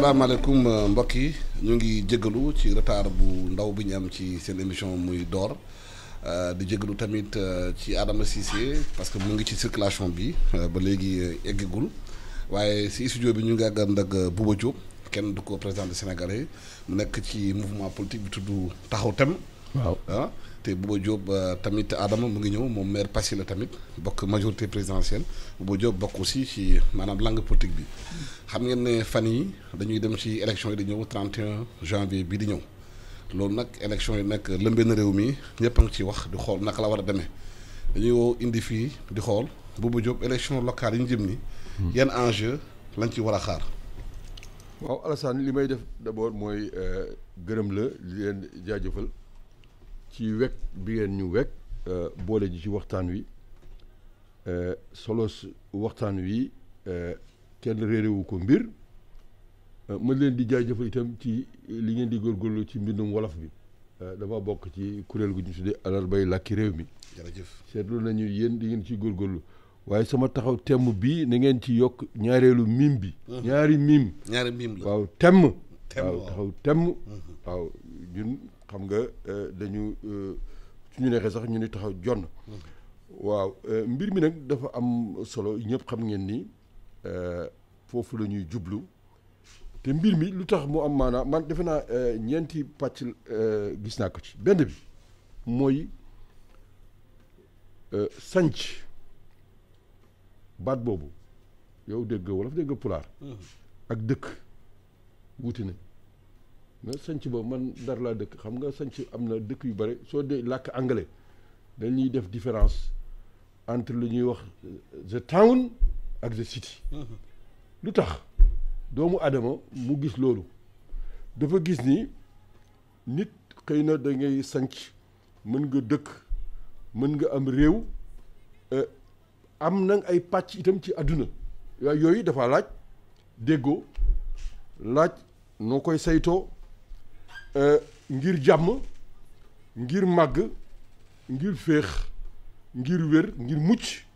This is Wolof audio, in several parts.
asalaamaaleykum euh, mbokk yi ñu ngi jégalu ci retard bu ndaw bi ñu am ci seen émission muy door euh, di jégalu tamit euh, ci Adama Cissé parce que mu ngi ci circulation bi ba léegi eggagul waaye si studio bi ñu ngi ànd ak Bouba Diop kenn du ko présenté Sénégalais mu nekk ci mouvement politique bi tudd taxaw tem waaw ah. té Bouba job euh, tamit Adama mu ngi ñëw moom maire Passy la tamit bokk majorité présidentielle Bouba job. bokk aussi ci manam langue politique bi xam ngeen né fan yi dañuy dem ci élection yi di ñëw 31 janvier bi di ñëw loolu nak élection yi nag lembene réew mi ñepp a ci wax di xol nak la wara démé dañuy woo indi fii di xol Bouba Diop élection locale yi ñu jëm ni hmm. yeen enjeu lañ ci wara xaar. waaw Alassane li may def d'abord mooy euh, gërëm la li leen jaajëfal. ci weg bi ngeen ñu weg euh, boole ji ci waxtaan wi euh, solos waxtaan wi euh, kenn réeréwu ko mbir ma leen di jaajëfal itam ci li ngeen di góorgóorlu ci mbindum wolof bi dama bokk ci kuréel gu ñu tuddee alarbay làkki réew mi jërëjëf seetlu nañu yéen di ngeen ci góorgóorlu waaye sama taxaw temm bii na ngeen ci yokk ñaareelu mim bi ñaari mim ñaari mim la waaw temm waaw temm waaw ñun xam nga euh, dañu euh, ñu neexee sax ñu ni taxaw jonn waaw euh, mbir mi nag dafa am solo ñëpp xam ngeen ni foofu lañuy jublu te mbir mi lu tax mu am maanaam man defe naa ñeenti pàcc gis naa ko ci benn bi mooy sanc baat boobu yow dégg wolof dégg pulaar ak dëkk wuti na mais sanc boobu man dara laa dëkk xam nga sanc am na dëkk yu bëri soo dee làkk anglais dañuy def différence entre lu ñuy wax euh, the town ak the city mm-hmm. lu tax doomu aadama mu gis loolu dafa gis ni nit xëy na da ngay sanc mën nga dëkk mën nga am réew euh, am na ay pàcc itam ci àdduna yooyu dafa laaj déggoo laaj noo koy saytoo Euh, ngir jàmm ngir màgg ngir féex ngir wér ngir mucc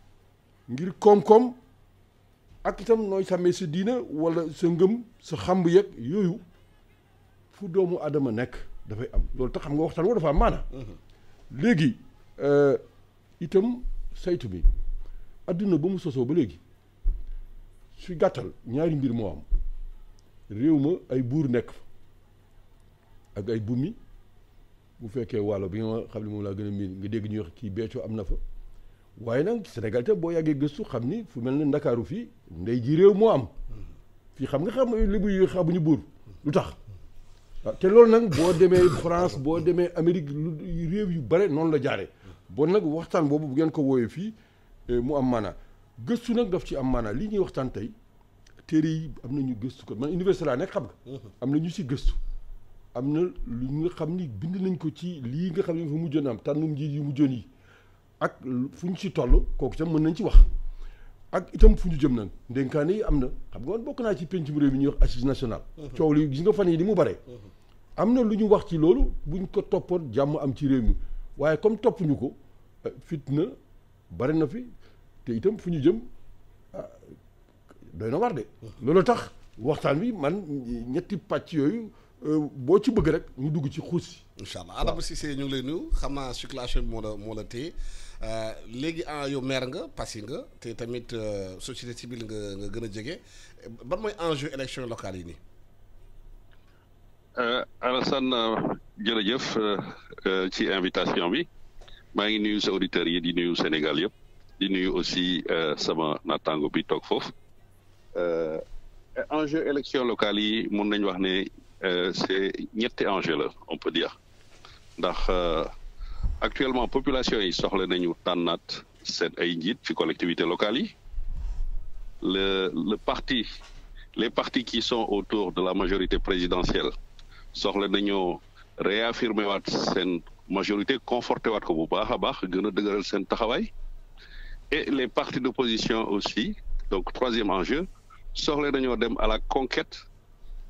ngir koom-koom ak itam nooy sàmmee sa diina wala sa ngëm sa xamb yeeg yooyu fu doomu aadama nekk dafay am loolu tax xam nga waxtaan woo dafa am maana mm-hmm. léegi euh, itam saytu bi adduna ba mu sosoo ba léegi su gàttal ñaari mbir moo am réew ma ay buur nekk fa ak ay bumi bu fekkee wàllo bi nga xam ne moom laa gën a miin nga dégg ñuy wax kii Béthio am na fa waaye nag Sénégal te boo yàggee gëstu xam ni fu mel ne Ndakaaru fii ndey ji réew moo am fii xam nga xam lébu yi xamuñu buur lu tax te loolu nag boo demee France boo demee Amérique lu réew yu bare noonu la jaaree bon nag waxtaan boobu bu ngeen ko wooyee fii mu am maanaa gëstu nag daf ci am maanaa li ñuy waxtaan tey téere yi am nañu gëstu ko man université laa nekk xam nga am na ñu si gëstu amna na lu nga xam bind nañ ko ci li nga xamni ne dafa mujjoon am tanum njiit yu mujjoon yi ak fuñ ci tollu koku tam mën nañ ci wax ak itam fu jëm nag ndénkaane yi xam nga bokk na ci pencum réew mi ñu wax assise nationale uh-huh. ciow li gis nga fan yi ni mu bare uh-huh. amna lu ñu wax ci lolu buñ ko topor jamm am ci réew mi comme topp ñu ko eh, fitna bare na fi te itam fuñu jëm ah, doyna war de uh-huh. lolu tax waxtan bi man ñetti pàcc yooyu euh, bo ci bëgg rek ñu dugg ci xuus yi. incha allah Adama Cissé ñu lay nuyu xam naa circulation mo la mo la téye euh, léegi en ah, yow maire nga passé nga te tamit euh, société civile nga nga gën a jege ban mooy enjeu élection locale yi nii. Alassane jërëjëf ci invitation bi maa ngi nuyu sa auditeurs yi di nuyu Sénégal yëpp di nuyu aussi sama naataango bi toog foofu enjeu élection locale yi mun nañ wax ne. Euh, c'est ñetti enjeu on peut dire ndax euh, actuellement population yi soxla nañu de seen ay njit ci collectivité locale yi le le parti les partis qui sont autour de la majorité présidentielle soxla nañu réaffirmer wat seen majorité conforté wat ko bu baax a baax gën a et les partis d'opposition aussi donc troisième enjeu soxla nañu dem à la conquête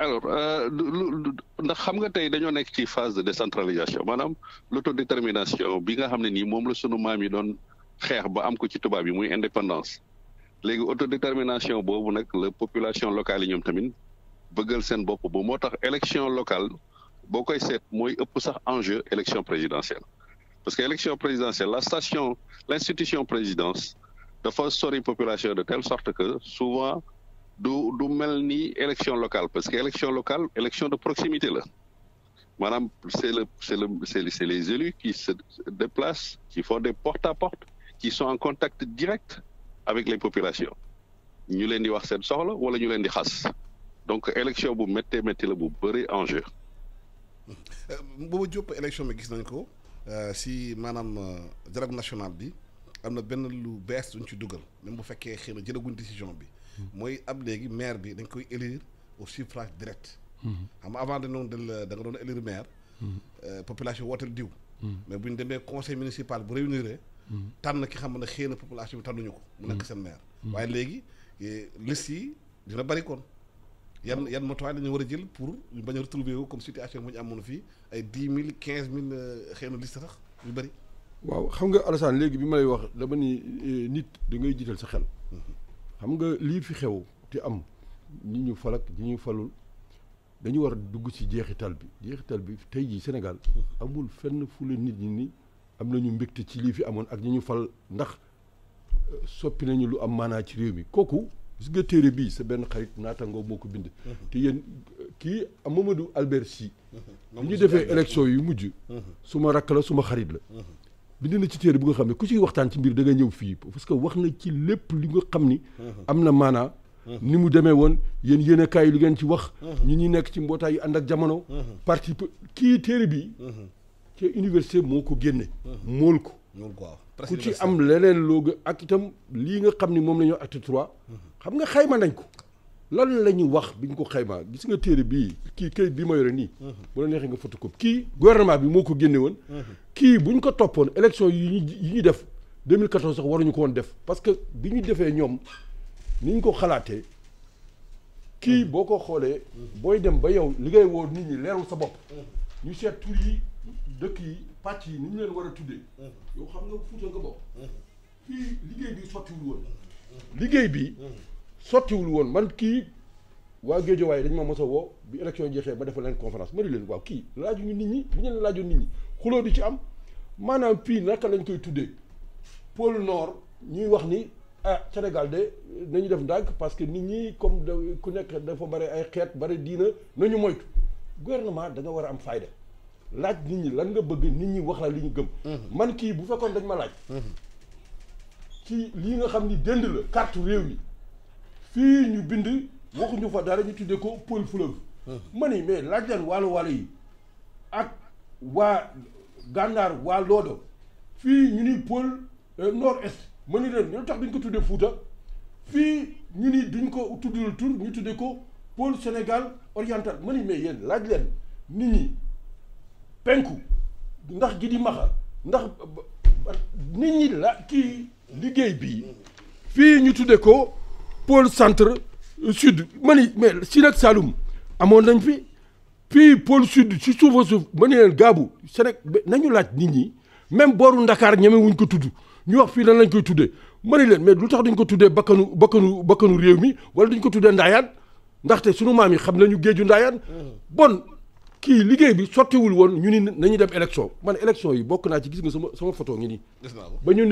alors euh, ndax xam nga tey dañoo nekk phase de décentralisation maanaam l'autodétermination bi nga xam ne nii moom la sunu maam yi doon indépendance léegi autodétermination boobu la population locale Nous ñoom tamit bëggal seen élection locale boo koy seet mooy ëpp sax enjeu élection présidentielle parce que l'élection présidentielle la station l'institution présidence sortir sori population de telle sorte que souvent du du melni élection locale parce que élection locale élection de proximité là. Madame, c'est le c'est le c'est les élus qui se déplacent qui font des porte à porte qui sont en contact direct avec les populations ñu leen di wax seen soxla wala ñu leen di xas donc élection bu metté metté la bu bëri enjeu. Euh, Bouba Diop élection bi gis nañ ko euh, si manam euh, dialogue national bi amna ben lu bees duñ ci duggal même bu fekkee xëy na jëlaguñ décision bi moy ab léegi maire bi dañ koy élire au suffrage direct. Mm-hmm. xam avant de non de da nga don élire maire. Mm-hmm. Euh, population wooteel diw. Mm-hmm. mais buñ ñu conseil municipal bu réuniré tan ki xam ne xëy population bi tanuñu ko. mu nekk sen maire. waaye légui eh, liste yi dina bari kon. yan yan matuwaay la ñu war jël pour ñu bañ a retrouver wu comme situation bu ñu amoon fii ay dix mille quinze mille euh, xëy liste sax yu bari. waaw xam nga Alassane léegi bi ma lay wax dama ni eh, nit da ngay jiital sa xel. xam nga lii fi xew ti am ñi ñu fal ak ñi ñu falul dañu war a dugg ci jeexital bi jeexital bi tey jii Sénégal amul fenn fu nit ñi ni am nañu mbégte ci lii fi amoon ak ñu ñu fal ndax euh, soppi nañu lu am maanaa ci réew mi kooku gis nga téere bi sa benn xarit naatangoo moo ko bind mhm. te yéen kii Mamadou Albert Sy mhm. bi ñu defee élection yu mujj mhm. suma rakk la suma xarit la bind na ci téere bu nga xam ne ku ciy waxtaan ci mbir da nga ñëw fii parce que wax na ci lépp li nga xam ni am na maana ni mu demee woon yéen yéen a kaay lu ngeen ci wax ñu ñuy nekk ci mbootaay yu ànd ak jamono parti kii téere bi ci université moo ko génne mool ko ku ci am leneen loogu ak itam lii nga xam ni moom la ñoo acte trois xam nga xayma nañ ko lan lañu wax biñ ko xaymaa gis nga téré bi ki kay bi ma yoré ni mhm. bu la nexé nga photocopie ki gouvernement bi moko génné won mhm. ki buñ ko topone élection yi ñi def 2014 sax waruñu ko won def parce que biñu défé ñom niñ ko xalaatee ki mhm. boko xolé boy dem ba yow li wo nit ñi lérul sa bop ñu sét tour yi dëkk yi pàcc yi ni ñu leen war a tuddee. yow xam nga fuuta nga bopp. fii liggéey bi sottiwul woon. liggéey bi. sottiwul woon man kii waa waaye dañ ma mos a woo bi élection jeexee ba defal leen conférence ma ne leen waaw kii laajuñu nit ñi bu ñu leen laajoon nit ñi xuloo di ci am maanaam fii naka lañ koy tuddee pôle nord ñuy wax ni ah Sénégal de nañu def ndànk parce que nit ñi comme ku nekk dafa bari ay xeet bari diina nañu moytu gouvernement da nga war a am fayda laaj nit ñi lan nga bëgg nit ñi wax la li ñu gëm. Mhm. man kii bu fekkoon dañ ma laaj. Mhm. ci lii nga xam ni dënd la carte réew fii ñu bind waxuñu fa dara ñu tuddee ko Pël Fleuve. Ah. ma ni mais laaj leen waalo waalo yi ak waa gànnaar waa Loodo fii ñu ni Pël euh, nord est ma ni leen ñoo tax duñ ko tuddee Fuuta fii ñu ni duñ ko tuddul tur ñu tuddee ko Pël Sénégal oriental ma ni mais yéen laaj leen nit ñi penku ndax gi di maxa ndax nit ñi la kii liggéey bii mm. fii ñu tuddee ko. pôle centre euh, sud Mani, mais si Saloum à nañ fi puis pôle sud ci suufa suuf ma len leen Sénégal nañu laaj nit ñi même boru Ndakaar ñame wuñ ko tudd ñu wax fi nan lañ koy tuddé ma len mais lu tax duñ ko tuddé bakkanu bakkanu bakkanu réew mi wala ko xam nañu bon bi wul won ñu ni nañu dem élection man élection yi bokk na ci gis nga sama sama photo ngi ba ñu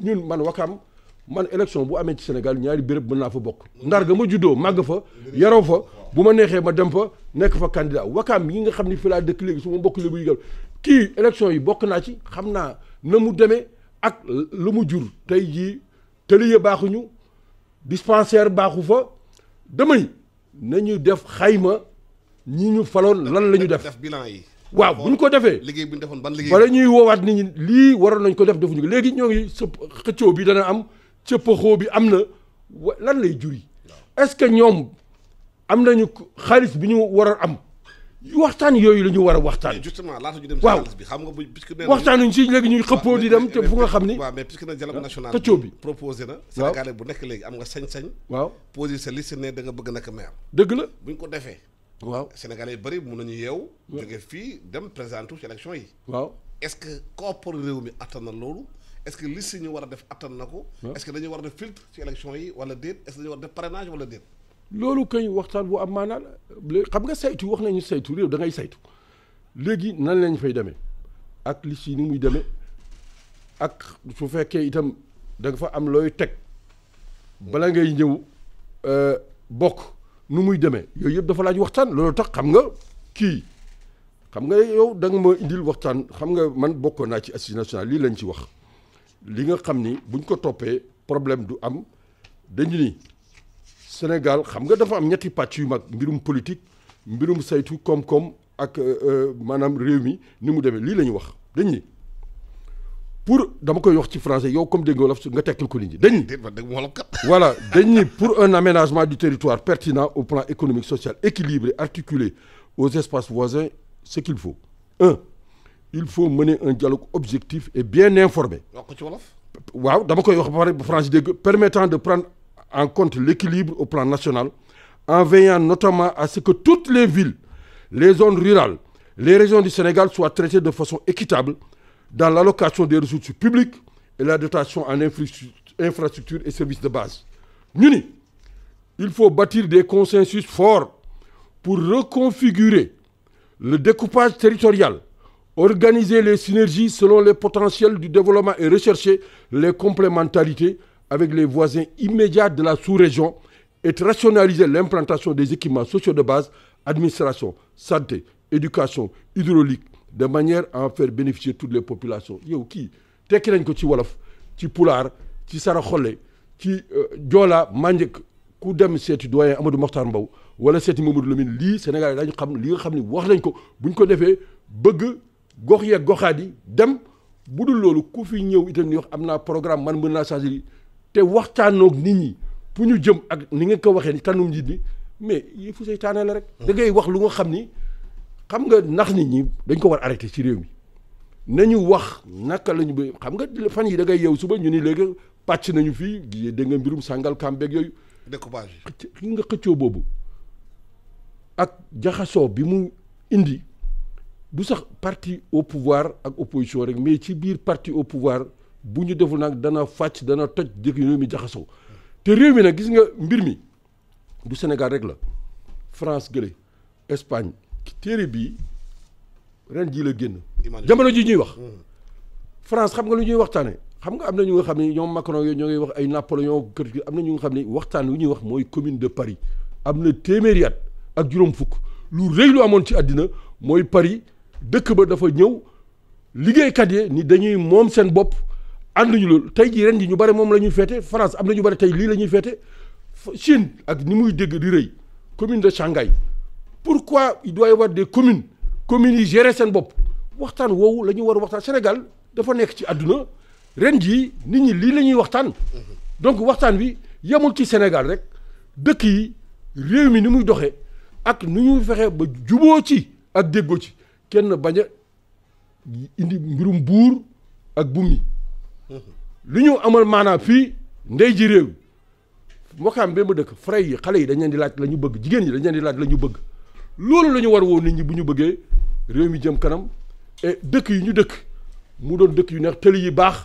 ñun man man élection bu amé ci Sénégal ñaari bërepp mëna fa bokk ndar ga ma juddoo màgg fa yaroo fa bu ma neexee ma dem fa nekk fa candidat wakam yi nga xam ni fi laa dëkk léegi su ma mbokk lébu yigal kii élection yi bokk naa ci xam naa na mu demee ak lu mu jur tey jii tëli ya baaxuñu dispensaire baaxu fa damay nañu def xayma ñi ñu faloon lan la ñu def waaw bu ñu ko defee liggéey bu ñu defoon ban liggéey wala ñuy woowaat nit ñi lii waroon nañ ko def defuñu ko léegi ñoo ngi sëpp xëccoo bi dana am cëppaxoo bi amna lan lay juri est-ce que ñom am nañu xaalis bi ñu wara am waxtaan yooyu la wara waxtaan. justement laata ñu dem si xaalis bi xam nga bu puisque nee waxtaanuñ si legi ñuy xëppoo di dem te fu nga xamni ni. mais puisque nag dialogue ah, national bi bi proposé na. waaw Sénégalais bu nek legi am nga sañ-sañ. waaw posé sa liste ne da nga bëgg nak maire. deug la buñ ko défé waaw Sénégalais yu bëri mun nañu yew jóge fi dem présenter ci élection yi. waaw est-ce que pour réew mi attan na loolu est-ce que liste yi ñu war def atal nako est-ce que dañu wara a def filtre ci élection yi wala déet est-ce que dañu wara a def parrainage wala déet. loolu kay waxtan bu am maanaa xam nga saytu wax nañu saytu rew da ngay saytu legui nan lañ fay demee ak liste ni muy demee ak su fekke itam da nga fa am loy tek bala ngay ñew euh bok nu muy demee yooyu yëpp dafa laaj waxtan loolu tax xam nga ki xam nga yow da nga ma indil waxtan xam nga man bokko na ci assises nationales lii lañ ci wax li nga xam ni buñ ko toppee problème du am dañ ni Sénégal xam nga dafa am ñetti pàcc yu mag mbirum politique mbirum saytu koom-koom ak euh, euh, maanaam réew mi ni mu demee lii la ñu wax dañ ni pour dama koy wax ci français yow comme dégg nga wolof nga tekkal ko nit ñi dañ voilà dañ ni pour un aménagement du territoire pertinent au plan économique social équilibré articulé aux espaces voisins ce qu'il faut un il faut mener un dialogue objectif et bien informé. permettant de prendre en compte l'équilibre au plan national en veillant notamment à ce que toutes les villes les zones rurales les régions du Sénégal soient traitées de façon équitable dans l'allocation des ressources publiques et la dotation en infrastructures et services de base Muni, il faut bâtir des consensus forts pour reconfigurer le découpage territorial Organiser les synergies selon les potentiels du développement et rechercher les complémentarités avec les voisins immédiats de la sous-région et rationaliser l'implantation des équipements sociaux de base, administration, santé, éducation, hydraulique, de manière à en faire bénéficier toutes les populations. yow qui tekki ko ci gox yeeg goxaat yi dem bu dul loolu ku fi ñëw itam ni wax am naa programme man mën naa changer te waxtaanoog nit ñi pour ñu jëm ak ni nga ko waxee ni tànnum njiit bi mais yii fu say taanee rek. dangay wax lu nga xam ni xam nga nax nit ñi dañ ko war arrêté ci réew mi nañu wax naka lañu ba xam nga fan yi dangay ngay yow suba ñu nii léegi pàcc nañu fii gi dégg nga mbirum sàngal kambeeg yooyu. xii nga xëccoo boobu ak jaxasoo bi mu indi. Si sax parti au pouvoir ak opposition mais ci parti au pouvoir nous deful dans dana dans dana toj mi réew mi gis Sénégal rek la France la Espagne France, la jamono ji ñuy wax. Hum. France xam nga lu ñuy xam nga am ñu nga xam ni ñoom Macron yooyu ñoo wax ay Napoléon kër gi am ñu nga xam ni waxtaan wi ñuy wax commune de Paris am na ak juróom fukk lu rëy lu amoon ci àddina mooy Paris. dëkk ba dafa ñëw liggéeykat yi ni dañuy moom seen bopp ànduñu loolu tey jii ren ji ñu bare moom la ñuy feete France am na ñu tey lii la ñuy feete Chine ak ni muy dégg di rëy commune de Shanghai pourquoi il doit y avoir communes yi gérer seen bopp waxtaan woowu la ñu war a waxtaan Sénégal dafa nekk ci àdduna ren jii nit ñi lii la ñuy waxtaan donc waxtaan wi yemul ci Sénégal rek dëkk yi réew mi ni muy doxee ak nu ñu fexe ba juboo ci ak déggoo ci kenn bañ a indi mbirum buur ak bumi amal manafi fii ndey ji réew mbokkaam ba ma dëkk frais yi xale yi dañ leen di laaj la ñu bëgg jigéen ñi dañ leen di laaj la ñu bëgg loolu la ñu war woo nit ñi bu ñu bëggee réew mi jëm kanam et dëkk yi ñu dëkk mu doon dëkk yu neex tëli yi baax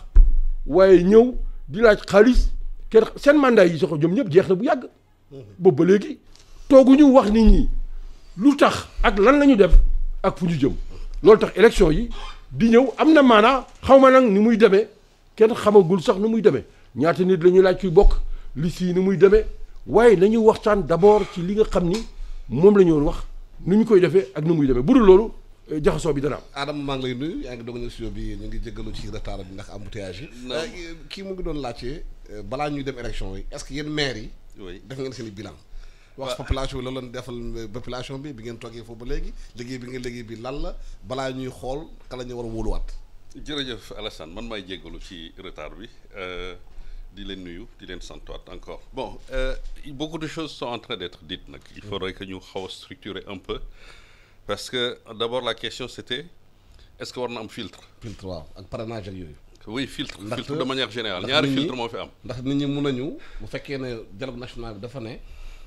waaye ñëw di laaj xaalis kenn seen mandat yi soxo ñoom ñëpp jeex na bu yàgg boobu ba léegi tooguñu wax nit ñi lu tax ak lan la def ak fu ñu jëm loolu tax élection yi di ñëw am na maanaa xaw nag ni muy demee kenn xamagul sax nu muy demee ñaata nit lañu ñuy laaj kuy bokk li si ni muy demee waaye nañu waxtaan d'abord ci li nga xam ni moom la ñu wax nu ñu koy defee ak nu muy demee bu dul loolu eh, jaxasoo bi dana am. Adama maa ngi lay nuyu yaa ngi doog na studio bi ñu ngi jégalu ci retard bi ndax embouteillage yi. Euh, kii mu ngi doon laajte euh, balaa ñuy dem élection yi est-ce que yéen maire yi. def ngeen seen bilan wax population bi loolu defal population bi bi ngeen toogee foofu ba léegi liggéey bi ngeen liggéey bi lan la balaa ñuy xool kala ñu war a wóoluwaat. jërëjëf Alassane man may jéggalu ci retard bi euh, di leen nuyu di leen santuwaat encore bon euh, beaucoup de choses sont en train d'être dites nag il faudrait que ñu xaw a structurer un peu parce que d'abord la question c'était est-ce que war na am filtre filtre waaw ak parrainage ak yooyu oui filtre filtre de manière générale ñaari filtre moo fi am ndax nit ñi mun nañu bu fekkee ne dialogue national bi dafa ne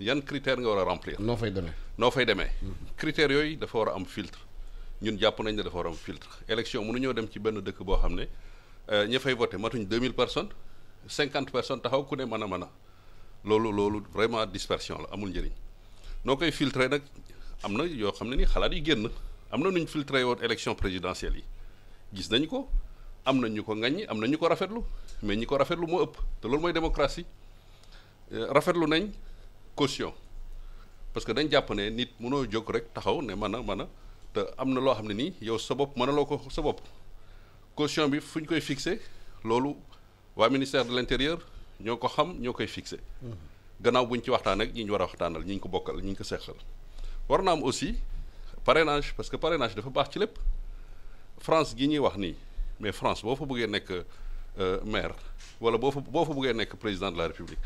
yan critère nga war a remplier noo fay demee noo fay demee. critères yooyu dafa war a am filtre ñun jàpp nañ ne dafa war a am filtre élection mënuñoo dem ci benn dëkk boo xam ne euh, ña fay voté matuñ 2000 personnes 50 personnes taxaw ku ne mën a man a loolu loolu vraiment dispersion la amul njëriñ noo koy filtré nag am na yoo xam ne nii xalaat yi génn am na nuñ ñu filtré woon élection présidentielle yi gis nañ ko am na ñu ko ŋaññi am na ñu ko rafetlu mais ñi ko rafetlu moo ëpp te loolu mooy démocratie euh, rafetlu nañ. caution parce que dañ jàpp ne nit mënoo jóg rek taxaw ne mën a mën a te am na loo xam ne nii yow sa bopp mënaloo ko sa bopp caution bi fu ñu koy fixé loolu waa ministère de l'intérieur ñoo ko xam ñoo koy fixé gannaaw bu ñu ci waxtaan ak ñi ñu war a waxtaanal ñu ñu ko bokkal ñi ñu ko seqal war na am aussi parrainage parce que parrainage dafa baax ci lépp France gi ñuy wax nii mais France boo fa bëggee nekk euh, maire wala boo fa boo fa bëggee nekk président la République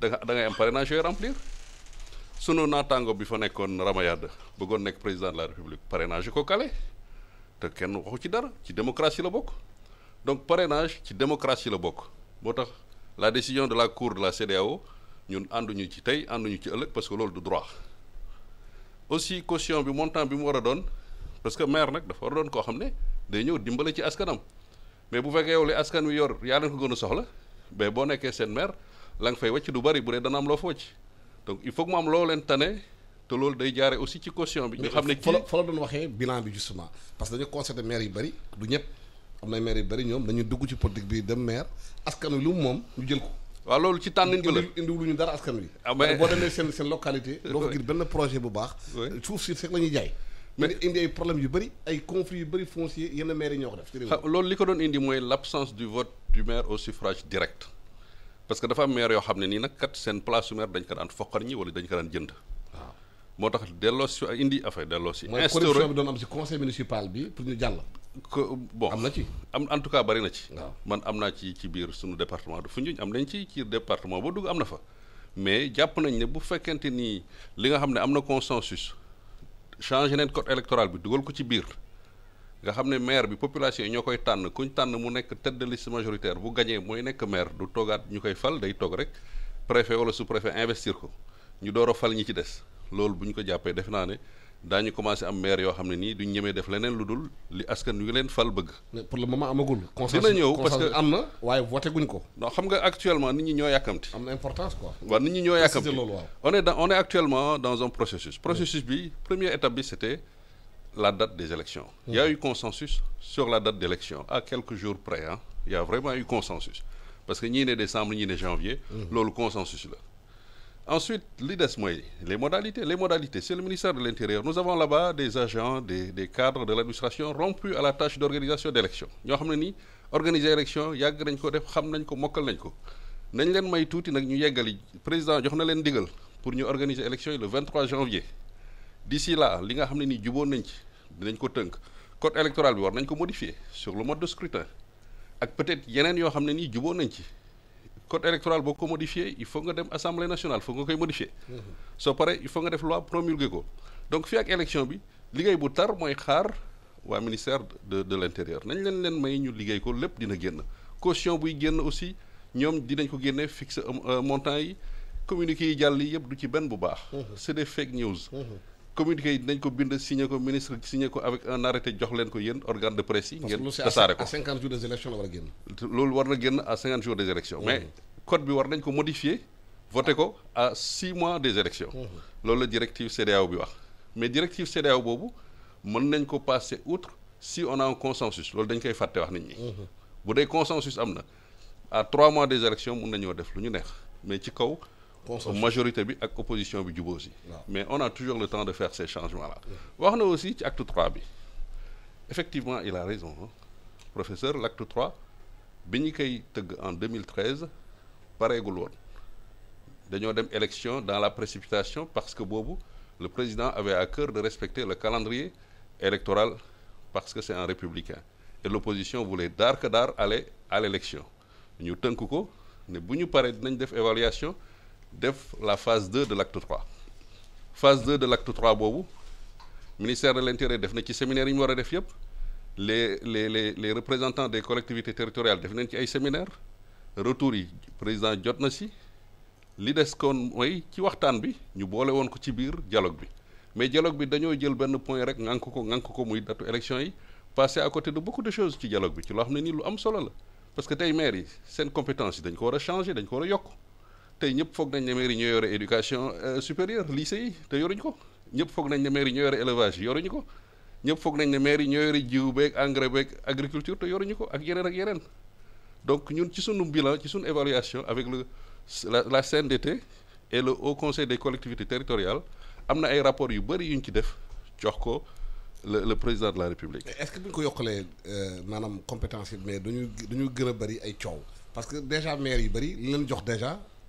da nga da ngay am parrainage yooyu remplir sunu naataango bi fa nekkoon Ramayade bëggoon nekk président de la république parrainage ko kale te kenn waxu ci dara ci démocratie la bokk donc parenage ci démocratie la bokk moo tax la décision de la cour de la CEDEAO ñu ànduñu ci tey ànduñu ci ëllëg parce que loolu du droit aussi caution bi montant bi mu war a doon parce que maire nag dafa war doon koo xam ne day ñëw dimbale ci askanam mais bu fekkee yow li askan wi yor yaa leen ko gën a soxla mais boo nekkee seen maire. la nga fay wacc du bari bu dee dana am loo donc il faut que mu am loo leen tane te loolu day aussi ci caution bi. nga xam ne kii fa la bilan bi justement parce que dañu constaté maire yu bari du ñëpp am na maire yu bari ñoom dañu dugg ci politique bi dem maire askan wi lu moom ñu jël ko. waaw loolu ci je bi la indi dara askan wi. Ah, boo demee seen localité. doo fa gis benn projet bu baax. suuf si rek la ñuy jaay. mais indi ay problèmes yu bari ay conflits yu bari foncier yenn maire yi def. loolu li que je indi mooy l'absence du vote du maire au suffrage direct. parce que dafa am maire yoo xam ne nii nag kat seen place su maire dañ ko daan foqar ñi wala dañ ko daan jënd moo tax delloo si indi affaire delloo si corruption bi doon am si conseil municipal bi pour ñu jàll bon am na ci am en tout cas bari na ci man am naa ci ci biir suñu département de Foundiougne am nañ ci ci département ba dugg am na fa mais jàpp nañ ne bu fekkente ni li nga xam ne am na consensus changé nañ code électoral bi dugal ko ci biir nga xam ne maire bi population yi ñoo koy tànn kuñ tànn mu nekk tête de liste majoritaire bu gañee mooy nekk maire du toogaat ñu koy fal day toog rek préfet wala sous-préfet investir ko ñu door a fal ñi ci des loolu bu ñu ko jàppee def naa ne daañu commencé am maire yoo xam ne nii duñ ñemee def leneen lu dul li askan wi leen fal bëgg. mais pour le moment amagul. dina ñëw parce que am na waaye voté guñ ko. non xam nga actuellement nit ñi ñoo yàkkamti. am na importance quoi. waaw nit ñi ñoo yàkkamti on est dans on est actuellement dans un processus. processus bi première étape bi c'était la date des élections. Il y a mm. eu consensus sur la date d'élection, à quelques jours près. Hein, il y a vraiment eu consensus. Parce que ni le décembre, ni le janvier, mm. le consensus là. Ensuite, les modalités, les modalités, c'est le ministère de l'Intérieur. Nous avons là-bas des agents, des, cadres de l'administration rompus à la tâche d'organisation d'élections. Nous avons organisé l'élection, nous avons nous avons pour nous organiser élection le 23 janvier. d'ici là li nga xam ne ni juboo nañ ci dinañ ko tënk code électoral bi war nañ ko modifier sur le mode de scrutin ak peut être yeneen yoo xam ni nañ ci code électoral boo modifier il faut nga dem assemblée nationale faut nga koy modifier mhm. so pare il faut nga def loi promulguer ko donc fii ak élection bi ligai bu tar mooy xaar waa ministère de de l' intérieur nañ leen leen may ñu liggéey ko lépp dina génn caution buy génn aussi dinañ ko fixe euh, montant yi communiqué yi jàll yi du ci benn bu baax mhm. des fake news mhm. communiqué yi ko bind signé ko ministre signé ko avec un arrêté jox l'organe ko yeen organe de presse yi. ngeen ko à jours des élections la war a génn. loolu war na à 50 jours des élections mais mmh. code bi war nañ ko modifier voter ko à 6 mois des élections mmh. loolu la directive CDAO bi wax mais directive CDAO bobu mën nañ ko passer outre si on a un consensus loolu dañ koy fàtte wax nit ñi. Mmh. bu un consensus amna à 3 mois des élections mun nañoo def lu ñu neex mais ci kaw majorité bi ak opposition bi mais on a toujours le temps de faire ces changements là Voir aussi ci acte 3 effectivement il a raison hein. professeur l'acte 3 en 2013 pareegul dem élection dans la précipitation parce que le président avait à cœur de respecter le calendrier électoral parce que c'est un républicain et l'opposition voulait d'art que aller à l'élection ñu tënk ko ne buñu paré def la phase 2 de l'acte 3 phase 2 de l'acte 3 le ministère de l'intérêt séminaire def les les les représentants des collectivités territoriales ont nañ ci ay séminaire retour yi président jot na si li des kon moy ci waxtaan bi ñu boole woon ko ci dialogue bi mais dialogue bi dañoo jël benn point rek ngank ko ngank ko datu passé à côté de beaucoup de choses ci dialogue bi ci loo xam parce que tey maires yi seen compétence yi dañ ko a changer dañ ko a tey ñëpp foog nañ ne mairie ñoo yore éducation euh, supérieure lycée yi te yoruñu ko ñëpp foog nañ ne mairie ñoo yore élevage yoruñ ko ñëpp foog nañ ne mairie ñoo yore jiw beeg engrais beeg agriculture te yoruñu ko ak yeneen ak yeneen donc ñun ci sunu bilan ci sunu évaluation avec le la la CNDT et le haut conseil des collectivités territoriales am na ay rapports yu bëri yuñ ci def jox ko le le président de la république. est-ce que bu ñu ko yokkalee euh, maanaam compétence yi mais duñu duñu gën a bëri ay coow parce que déjà maire yu bëri lañ jox déjà.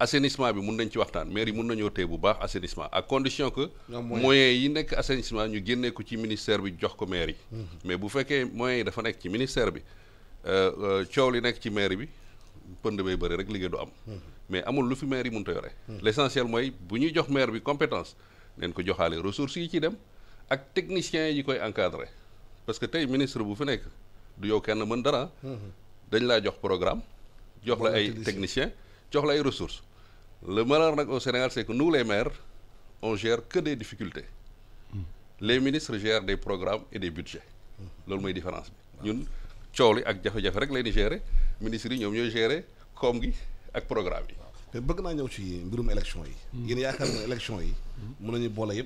assainissement bi mun nañ ci waxtaan yi mun nañoo téye bu baax assainissement à condition que moyens yi nekk assainissement ñu génnee ko ci ministère bi jox ko maire mhm. mais bu fekkee moyens yi dafa nekk ci ministère bi euh, euh, coow li nekk ci maire bi pënd bay bëri rek liggéey du am mhm. mais amul lu fi maire yi mënta yore mhm. l'essentiel mooy bu ñuy jox maire bi compétence neen ko joxaale ressources yi ci dem ak techniciens yi koy encadrer parce que tey ministre bu fi nekk du yow kenn mën dara dañ laa jox programme jox ay technicien jox la ay ressources le malheur au Sénégal c'est que nous les maires on gère que des difficultés les ministres gèrent des programmes et des budgets loolu mooy différence bi ñun coow li ak jafe-jafe rek leen gérer ministres yi ñoom ñooy gérer koom gi ak programme yi. mais bëgg naa ñëw ci mbirum élection yi. Hmm. yéen yaakaar na élection yi. avons une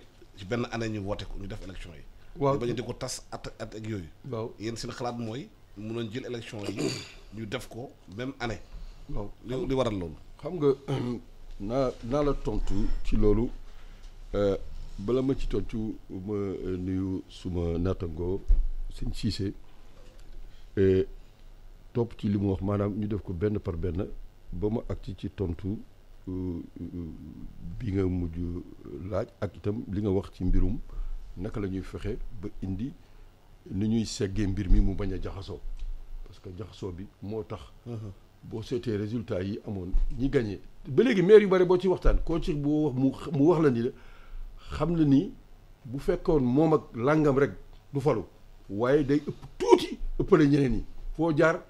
élection, nous ci une année ñu avons ko ñu def élection yi. avons une élection, nous tas at élection. ak avons une élection, seen avons une jël élection yi ñu def ko même année. waaw li waral loolu. xam nga. naa naa la tontu ci loolu euh, bala ma ci tontu ma euh, nuyu suma nattangoo sëñ Cissé topp ci li mu wax maanaam ñu def ko benn par benn ba ma agsi ci tontu euh, bi nga mujj laaj ak itam li nga wax ci mbirum naka la ñuy fexe ba indi ni ñuy seggee mbir mi mu bañ a jaxasoo parce que jaxasoo bi moo tax uh-huh. boo c'était résultat yi amoon ni gagné ba léegi maire yu bari bo ci waxtan koo ci boo wax mu mu wax la ni la xam na ni bu fekkone moom ak làngam rek du falu waye day ëpp touti ëppale ñeneen yi fo jaar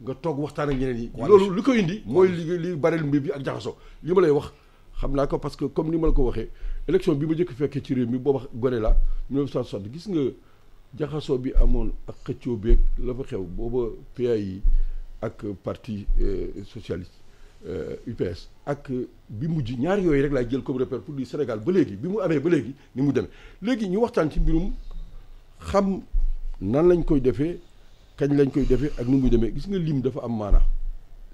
nga tok waxtan ak ñeneen yi. lolu li ko indi moy li li baril mbir bi ak jaxaso li ma lay wax xam naa ko parce que comme ni ma la ko waxee élection bi ma njëkk fekkee ci réew mi boo wax gone la 1960 gis nga jaxasoo bi amoon ak xëccoo beeg la fa xew booba PA yi ak parti euh, socialiste UPS euh, ak bi mujj ñaar yoy rek laay jël comme repère pour du Sénégal ba légui bi mu amé ba légui ni mu demee légui ñu waxtan ci mbirum xam nan lañ koy défé kañ lañ koy défé ak nu muy demee gis nga lim dafa am mana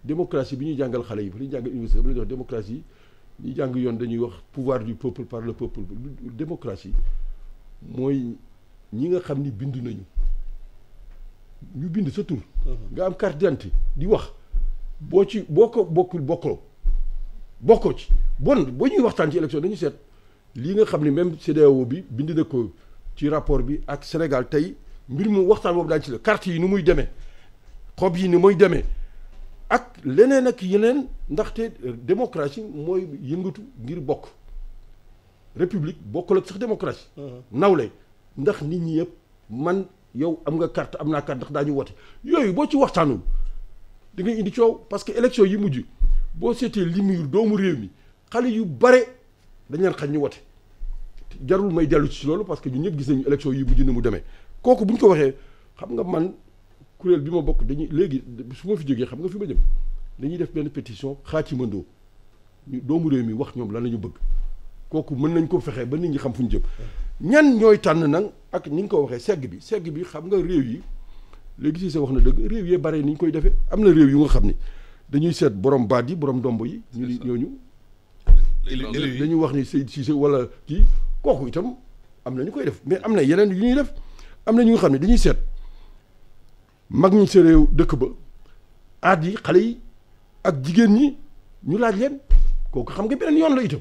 démocratie bi ñu jàngal xalé yi ba ñuy jàngal université ba lañ wax démocratie ñuy jàng yoon dañuy wax pouvoir du peuple par le peuple démocratie moy ñi nga xam ni bindu nañu. ñu bind sa tur. Uh-huh. nga am carte d'identité di wax boo ci boo ko bokkul bokkuloo bokkoo ci bon boo ñuy waxtaan ci élection dañu seet lii nga xam ni même CEDEAO bi bind na ko ci rapport bi ak Sénégal tey mbir mu waxtaan boobu daañu ci la carte yi nu muy demee xob yi ni muy demee ak leneen ak yeneen ndaxte euh, démocratie mooy yëngatu ngir bokk république bokkul ak sax démocratie uh-huh. nawle ndax nit ñi yëpp man. yow am nga carte am naa carte ndax daañu woote yooyu boo ci waxtaanul da ngay indi coow parce que élection yi mujj boo seetee li muy doomu réew mi xale yu bare dañ leen xañ ñu woote jarul may dellu ci loolu parce que ñun ñëpp gis nañu élection yi mujj na mu demee kooku bu ñu ko waxee xam nga man kuréel bi ma bokk dañuy léegi su ma fi jógee xam nga fi ma jëm dañuy def benn pétition xaatimandoo ñu doomu réew mi wax ñoom lan la ñu bëgg kooku mën nañ ko fexe ba nit ñi xam fu ñu jëm ñan ñooy tànn nag ak ni nga ko waxee segg bi segg bi xam nga réew yi léegi si sa wax na dëgg réew yee bare ni ñu koy defee am na réew yu nga xam ni dañuy seet borom baat yi borom domb yi. ñu ñooñu. dañuy wax ni Seydou wala kii kooku itam am na ñu koy def mais am na yeneen yu ñuy def am na ñu nga xam ne dañuy seet mag ñi sa réew dëkk ba aat yi xale yi ak jigéen ñi ñu laaj leen kooku xam nga beneen yoon la itam.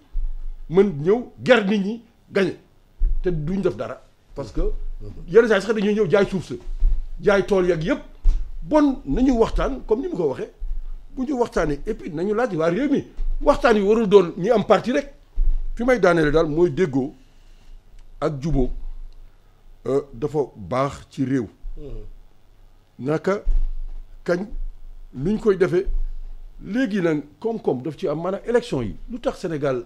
dara parce que yenn say sax dañuy jaay souf se jaay tol yak bon nañu waxtaan comme ni ko buñu et puis nañu laaj wa réew mi waxtaan yi doon ñi am parti rek fi may ak euh, naka kañ luñ koy défé légui comme comme comme daf ci am élection Sénégal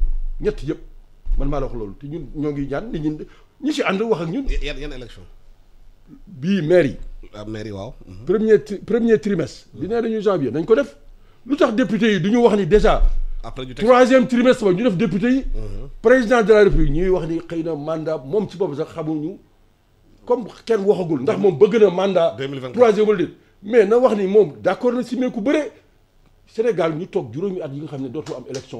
ñett yëpp man maa la wax loolu te ñu ñoo ngi ñaan nit ñi ñi si ànd wax ak ñun. yan yan bii maire yi. ah maire yi waaw. Mhm. premier premier trimestre. di nee nañu janvier nañ ko def lu tax député yi du ñu wax ni déjà. après ñu troisième trimestre ba ñu def député yi. Mhm. président de la république ñuy wax ni xëy na mandat moom si bopp sax xamuñu comme kenn waxagul ndax moom bëgg na mandat. deux mille vingt troisième mais na wax ni moom d'accord na si mais ku bëree Sénégal ñu toog juróomi at yi nga xam ne dootu am élection.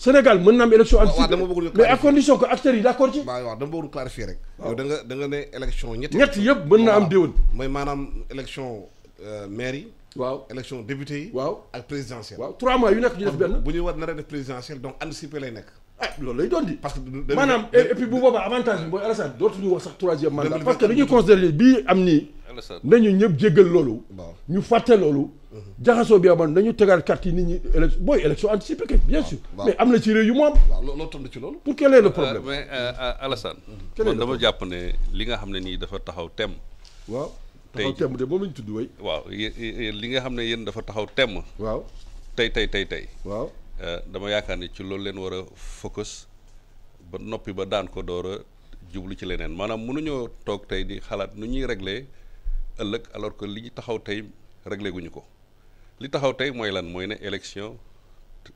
Sénégal mën na une élection anticipée mais à condition que acteurs soit d'accord Je ci. waaw clarifier rek. élection mairie élection euh, élection député présidentielle. trois mois yu avez. ñu def présidentielle bu présidentielle donc anticipé lay ah parce que Madame, et puis bu un avantage troisième mandat. parce que nous considérons que nañu ñëpp jéggal loolu. ñu fàtte loolu. Mhm. jaxasoo bi amoon nañu tegaat carte yi nit ñi élec booy élection anticipée kay mais am na ci réew yu mu am. waaw loo tontu ci loolu. pour quel est le problème euh, mais euh, euh, Alassane. Mhm. man dama jàpp ne li nga xam ne nii dafa taxaw tem. waaw taxaw tem de moom la ñu li nga xam ne yéen dafa taxaw tem. waaw tey tey tey tey. waaw dama yaakaar ne ci loolu leen war a focus ba noppi ba daan ko door a jublu ci leneen maanaam mënuñoo toog tey di xalaat nu ñuy régler. alors que li ñu taxaw tey réglé guñu ko li taxaw tey mooy lan mooy ne élection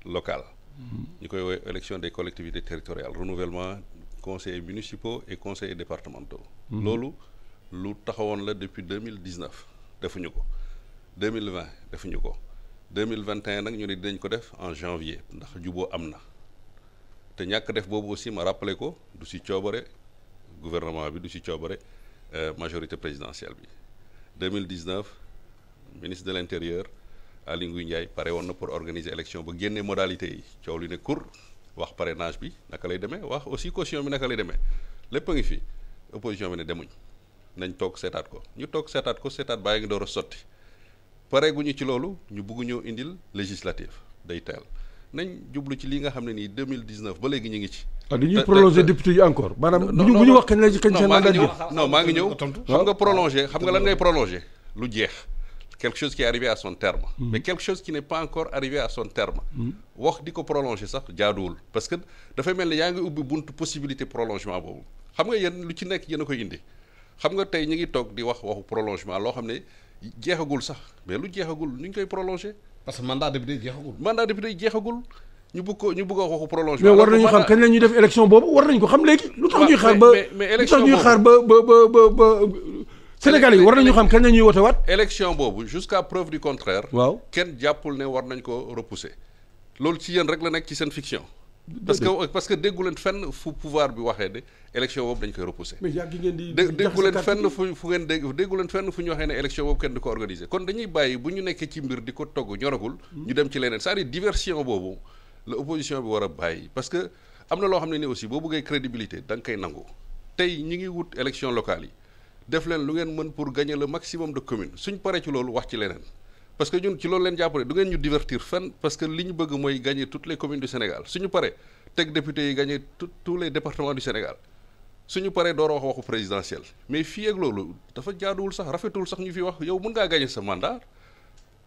locale mm-hmm. ñu koy woowee élection des collectivités territoriales renouvellement conseillers municipaux et conseillers départementaux mm-hmm. loolu lu taxawoon la depuis 2019. mille 2020. neuf defuñu ko deux nag ñu ne dinañ ko def en janvier ndax juboo am na te def aussi ma rappelé ko du ci coobare gouvernement bi du ci coobare euh, majorité présidentielle bi 2019 ministre de l' intérieur Aly Ngouille Ndiaye pare woon na pour organiser élection ba génne modalité yi coow li ne kur wax parrainage bi naka lay demee wax aussi caution bi naka lay demee lépp a ngi fi opposition bi ne demuñ nañ toog seetaat ko ñu toog seetaat ko seetaat bàyyi ngi door a sotti pare guñu ci loolu ñu bugg ñoo indil législative day teel nañ jublu ci li nga xam ne nii deux ba léegi ñu ngi ci. Ah, te dañuy prolonger député yi encore maanaam. bu ñu bu ñu wax kañ la ci kañ seen mandat jeex non maa ngi ñëw xam nga prolonger xam nga lan ngay prolonger lu jeex. quelque chose qui est arrivé à son terme. Hmm. mais quelque chose qui n'est pas encore arrivé à son terme. Hmm. wax di ko prolonger sax jaaduwul. parce que dafay mel ne yaa ngi ubbi buntu possibilité prolongement boobu xam nga yéen lu ci nekk yéen a koy indi xam nga tey ñu ngi toog di wax waxu prolongement loo xam ne jeexagul sax mais lu jeexagul nu ngi koy prolonger parce que mandat député jeexagul mandat député jeexagul ñu bëgg ko ñu bëgg a waxu prolongement. mais war nañu xam kañ la ñuy def élection bobu war nañ ko xam légui lu tax ñuy xaar ba lu tax ñuy xaar ba ba ba ba. Sénégal war nañu xam kañ la ñuy wote wat élection bobu jusqu'à preuve du contraire. waaw kenn jàppul ne war nañ ko repousser. loolu ci yeen rek la nekk ci seen fiction. parce que euh, parce que déggu leen fenn fu pouvoir bi waxee de élection boobu dañ koy repousser. mais di déggu leen fenn fu ngeen dégg déggu leen fenn fu ñu waxee ne élection boobu kenn du ko organiser kon dañuy bàyyi bu ñu nekkee ci mbir di ko togg ñoragul. ñu dem ci leneen c'est-à-dire diversion boobu la opposition bi war a bàyyi parce que am na loo xam ne ni aussi boo bëggee crédibilité da nga koy nangu tey ñu ngi wut élection local yi def leen lu ngeen mën pour gagner le maximum de commune suñ paree ci loolu wax ci leneen. parce que ñun ci loolu leen jàppale du ngeen ñu divertir fenn parce que li ñu bëgg mooy gagner toutes les communes du Sénégal suñu paree teg député yi gagner tout les départements du Sénégal suñu paree door a wax waxu présidentielle mais fii ak loolu dafa jaaduwul sax rafetul sax ñu fi wax yow mën ngaa gagner sa mandat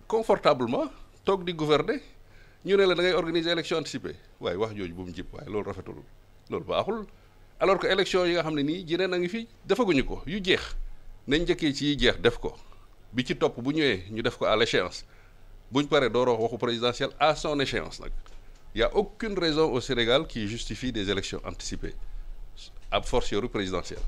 confortablement toog di gouverner ñu ne la da ngay organiser élection anticipée waaye wax jooju bu mu jib waaye loolu rafetul loolu baaxul alors que élection yi nga xam ne nii jineen a ngi fi defaguñu ko yu jeex nañ njëkkee ci jeex def ko bi ci top bu ñëwé ñu def ko à l'échéance bu paré paree dooroo waxu présidentiel à son échéance Il y a aucune raison au Sénégal qui justifie des élections anticipées ab fortiori présidentielle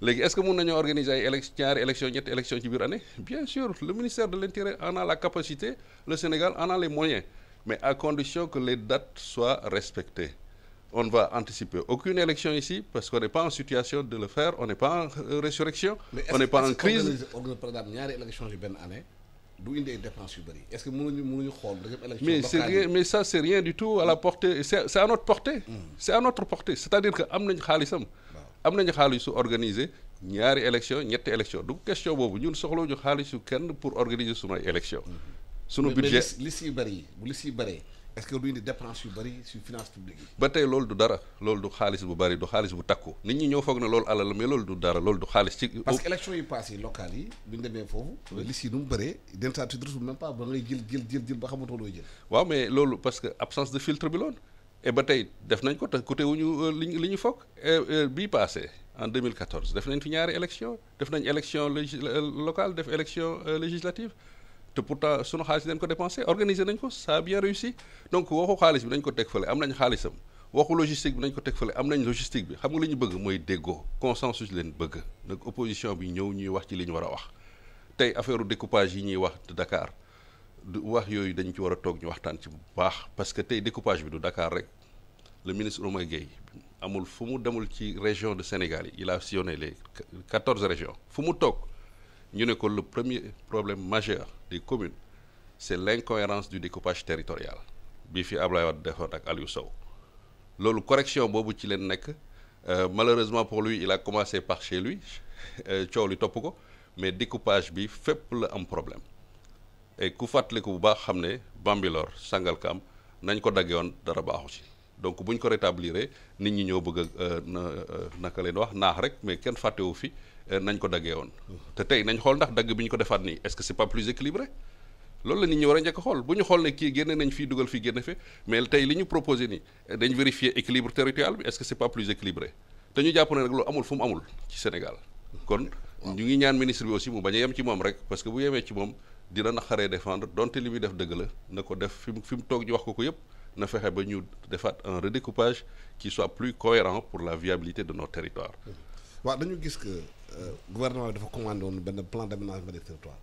légui est-ce que mun nañoo organiser ay élections, ñaari élection ñetti élection ci biir année bien sûr le ministère de l'Intérieur en a la capacité le Sénégal en a les moyens mais à condition que les dates soient respectées on ne va anticiper aucune élection ici parce qu'on n'est pas en situation de le faire, on n'est pas en euh, résurrection, on n'est pas en crise. Mais, rien, mais ça, c'est rien du tout à la portée, c'est à notre portée. Mm. C'est à notre portée. C'est-à-dire que am nañu organisé, organiser ñaari élection une élection Donc, question boobu ñun soxlawuñu une kenn pour organiser une élection sunu mm-hmm. budget li bu est-ce que duñu di dépense yu bari ci finance publique yi. ba tey loolu du dara loolu du xaalis bu bari du xaalis bu takku nit ñi ñoo foog ne loolu alal mais loolu du dara loolu du xaalis ci. parce que élection yi passé locales yi bu ñu demee foofu. liste yi nu mu bëree den saa même pas ba ngay jël jël jël jël ba xamatoo looy jël. waaw mais loolu parce que absence de filtre bi loon et ba tey def nañ ko te côté wuñu ñu euh, li li ñu foog euh, euh, bii passé en 2014 def nañ fi ñaari élection def nañ élection locale def élection législative te pourtant sunu xaalis dañ ko dépensé organiser nañ ko ça a bien réussi donc waxu xaalis bi nañ ko teg fële am nañ xaalisam waxu logistique bi dañ ko teg fële am nañ logistique bi xam nga li ñu bëgg mooy déggoo consensus leen bëgg nag opposition bi ñëw ñuy wax ci li ñu war a wax tey affaire découpage yi ñuy wax de Dakar wax yooyu dañ ci war a toog ñu waxtaan ci bu baax parce que tey découpage bi du Dakar rek le ministre Omar Gueye amul fu mu demul ci région de Sénégal yi il a sillonné les quatorze régions fu mu toog ñu ne ko le premier problème majeur des communes c'est l'incohérence du découpage territorial bi fi Ablaye Wade defoon ak Aliou Sow loolu correction boobu ci leen nekk euh, malheureusement pour lui il a commencé par chez lui euh, coow li topp ko mais découpage bi fépp la am problème et ku fàttaliku bu baax xam ne Bambilor Sangalkam nañ ko daggewoon dara baaxu ci donc bu ñu ko rétablir nit ñi ñoo bëgg a euh, naka leen wax naax rek mais kenn fàttewu fi euh, nañ ko daggee woon te tey nañ xool ndax dagg bi ñu ko defaat nii est-ce que c'est pas plus équilibré loolu la nit ñi war a njëkk xool bu ñu xool ne kii génne nañ fii dugal fii génne fe mais tey li ñu proposé nii dañ vérifier équilibre territorial bi est-ce que c'est pas plus équilibré te ñu jàpp ne nag loolu amul fu mu amul ci Sénégal kon ñu ngi ñaan ministre bi aussi mu bañ a yem ci moom rek parce que bu yemee ci moom dina naqaree défendre donte li muy def dëgg la na ko def fi mu fi mu toog ñu wax ko ko yépp na fexe ba ñu defaat un redécoupage qui soit plus cohérent pour la viabilité de nos territoires waaw dañu gis que euh, gouvernement dafa commandé woon benn plan d' aménagement des territoires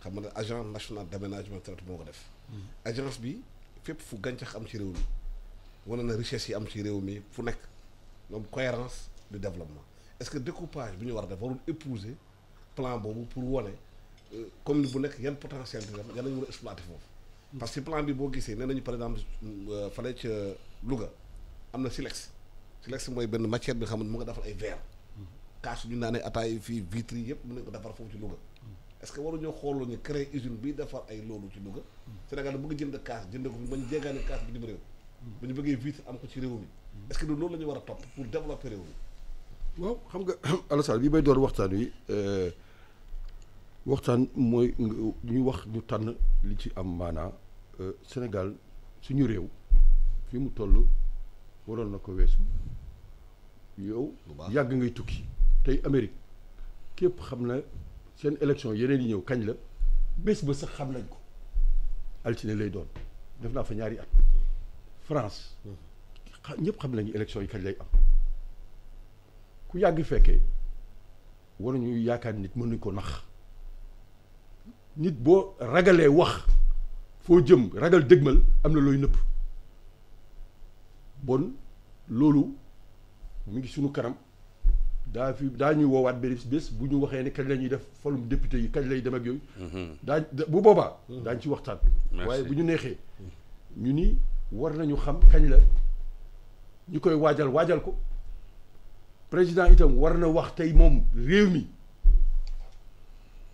xam nga ne agence nationale d' aménagement moo ko def. Hmm. agence bi fépp fu gàncax am ci réew mi wane na richesse yi am ci réew mi fu nekk moom cohérence du développement est ce que découpage bi ñu war a def warul épouser plan boobu pour wane euh, commune bu nekk yan potentiel di dem yan la ñu mën a exploiter foofu. Hmm. parce que plan bi boo gisee nee nañu par exemple euh, fale ca Louga am na silex silex mooy benn matière bi xam ne mu nga defal ay verre. kaasu ñu naanee ataay fii vitres yëpp mën nañ ko defar foofu ci Louga est-ce que waruñoo xool ñu créer usine bii defar ay loolu ci Louga Sénégal da ñu bëggee vitre am ko ci réew mi est-ce que loolu la war a topp pour développer réew mi waaw xam nga Alassane bi bay door waxtaan wi euh, waxtaan mooy ñu wax ñu tànn li ci am maanaa euh, Sénégal suñu réew fi mu toll waroon na ko weesu yow yàgg ngay tukki tey Amérique képp xam na seen élection yeneen yi ñëw kañ la bés ba sax xam nañ ko altine lay doon def naa fa ñaari at France ñëpp xam nañu élection yi kañ lay am ku yàgg fekkee waruñu yaakaar nit mën nañ ko nax nit boo ragalee wax foo jëm ragal dëgmal am na looy nëpp bon loolu mu ngi sunu kanam daa fi daa ñuy woowaat benn bés bu ñu waxee ne kañ la def folum député yi kañ lay dem ak yooyu. Mhm. daañ bu boobaa. daañ ci waxtaan. waaye bu ñu neexee ñu ni war nañu xam kañ la ñu koy waajal waajal ko président itam war na wax tey moom réew mi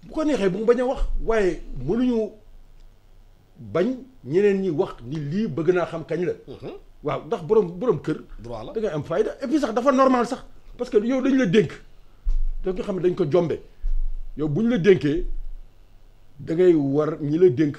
bu ko neexee bu mu bañ a wax waaye ñu bañ ñeneen ñi wax ni lii bëgg naa xam kañ la. Mhm. waaw ndax borom borom kër. droit la da ngay am fayda et sax dafa normal sax. parce que yow dañ la dénk da nga xam dañ ko jombé yow buñ la dénkee da ngay war ñi la dénk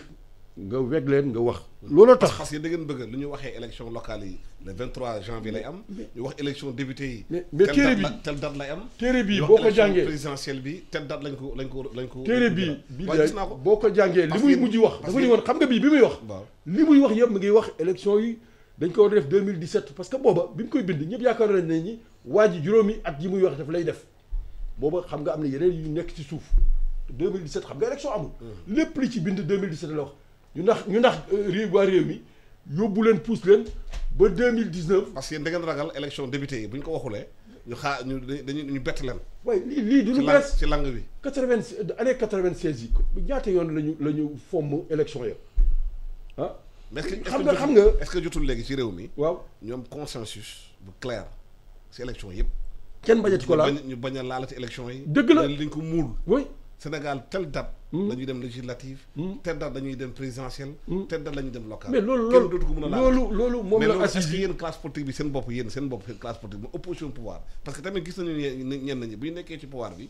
nga weg leen nga wax. looloo tax parce que da ngeen bëgg lu ñu waxé élection locale yi le 23 janvier lay am. ñu wax élection député yi. mais mais téere bi tel date lay am. téere bi boo ko jàngee présidentielle bi tel date lañ ko lañ ko lañ ko. téere bi bi boo li muy mujj wax. dafa ñu won xam nga bi bi muy wax. li muy wax yëpp ngi wax élection yi dañ ko war def 2017 parce que booba bi mu koy bind ñëpp yaakaar nañ ne ñi waa ji at yi muy wax daf lay def bobu xam nga am yeneen yu nekk ci suuf 2017 xam nga élection amul. lepp li ci bind 2017 la wax ñu ndax ñu ndax euh, réew waa réew mi yóbbu leen pousse len ba 2019. parce que yéen da ngeen ragal élection député buñ ko waxulee ñu xaa ñu dañuy ñu bett leen. waaye lii lii du lu bees ci langue bi. 80 euh, année 96 yi ñaata yoon lañu ñu fomm élection ya ah. xam nga xam nga est ce que jotul léegi ci réew mi. waaw ñoom consensus bu clair. si élection yëpp. kenn bañati ko laal ñu bañ a laal ci élection yi. dëgg la liñ ko muul. oui Sénégal telle dañuy hmm. dem législative. Hmm. telle dañuy dem présidentielle. Hmm. telle date dem locale. mais loolu loolu a laal loolu moom la. assise mais yéen classe politique bi seen bopp yéen seen bopp classe politique bi opposition pouvoir parce que tamit gis nañu ne ñenn ñi bu nekkee ci pouvoir bi.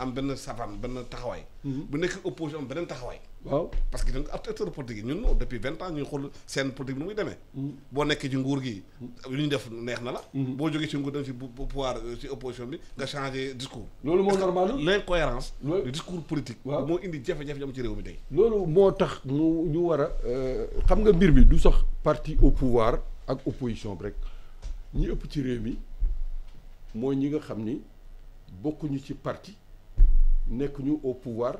am benn savane benn taxawaay. Mhm. bu nekk opposition beneen taxawaay. waaw parce que donc acteur politique yi ñun depuis vingt ans ñu ngi xool seen politique bi nu muy demee. Mhm. boo nekkee ci nguur gi. Mhm. li ñu def neex na la. boo jógee ci nguur dem ci pouvoir euh, ci opposition bi nga changé discours. loolu moo normal l'incohérence du discours politique. waaw moo indi jafe-jafe am ci réew mi tey. loolu moo tax mu ñu war a euh, xam nga mbir mi du sax parti au pouvoir ak opposition bi rek ñi ëpp ci réew mi mooy ñi nga xam ni bokkuñu ci parti ñu au pouvoir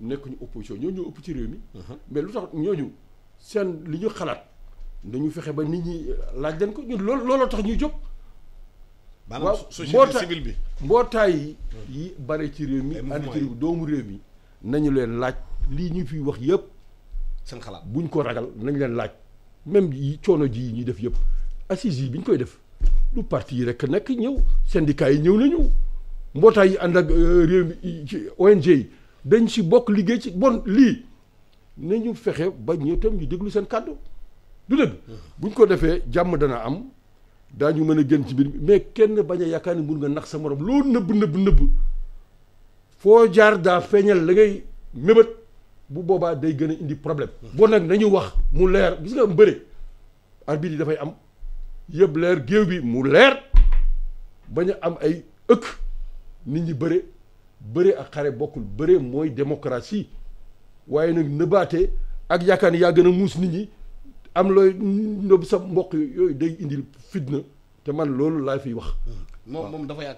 ñu opposition ñoo ñu ëpp ci réew mi. Uh-huh. mais lu tax ñu seen li ñu xalaat dañu fexé ba nit ñi laaj den ko loolu tax ñuy jóg. maanaam société civile bi mbootaay uh-huh. yi bare ci réew mi. nous ci doomu réew mi nañu leen laaj lii ñu fi wax yëpp. seen xalaat buñ ko ragal nañ leen laaj même yi ji def yi koy def du parti rek yi nañu. mbootaay yi ànd ak euh, réew mi ci ONG yi dañ si bokk liggéey ci bon lii nañu fexe ba ñëw tam ñu déglu seen kàddu du dëgg mm-hmm. buñ ko defee jàmm dana am daañu mën a génn ci biir mais kenn bañ a yaakaar ni mun nga nax sa morom loolu nëbb nëbb nëbb foo jaar daa feeñal la ngay mébét bu boobaa day gën a indi problème mm-hmm. bon nag nañu wax mu leer gis nga mbëre arbitre yi dafay am yëpp leer géew bi mu leer bañ a am ay ëkk nit ñi bëre bëre ak démocratie ak nit ñi am looy sa day fitna man loolu wax. dafa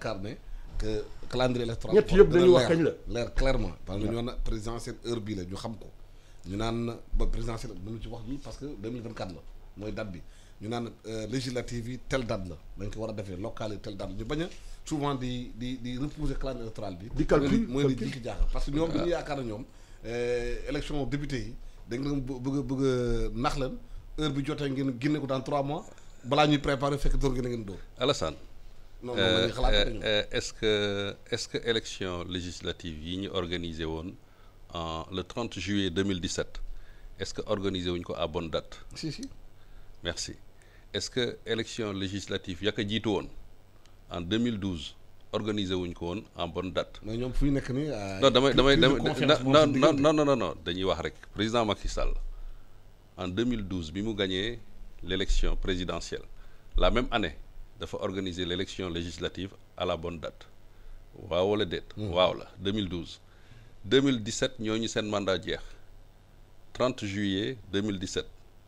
clairement. parce que nous heure la ñu mënu ci wax parce que 2024 la mooy ñu naan euh, législative yi tel date la dañ ko war a defee locale yi tel date la ñu bañ a souvent di di di repousser clan électoral bi. di calcul mooy di ki jaaxal parce que ñoom dañuy yaakaar ne ñoom euh, élection député yi da nga bëgg a bëgg a nax leen heure bi jotee ngeen génne ko dans trois mois balaa ñuy préparer fekk door ngeen a ngeen dóor. Alassane. non non euh, xalaat est-ce que est-ce que élection législative yi ñu organisé woon en le 30 juillet 2017 est-ce que organisé wuñ ko à bonne date. si si merci est-ce que élection législative ya ko jiitu woon en 2012 organisé wuñ ko en bonne date. mais ah, non non non non non dañuy wax président Macky Sall en 2012 bi mu gagné l'élection présidentielle la même année a organiser l'élection législative à la bonne date Waouh, les dates Waouh, la 2012. 2017 eu un mandat jeex 30 juillet 2017.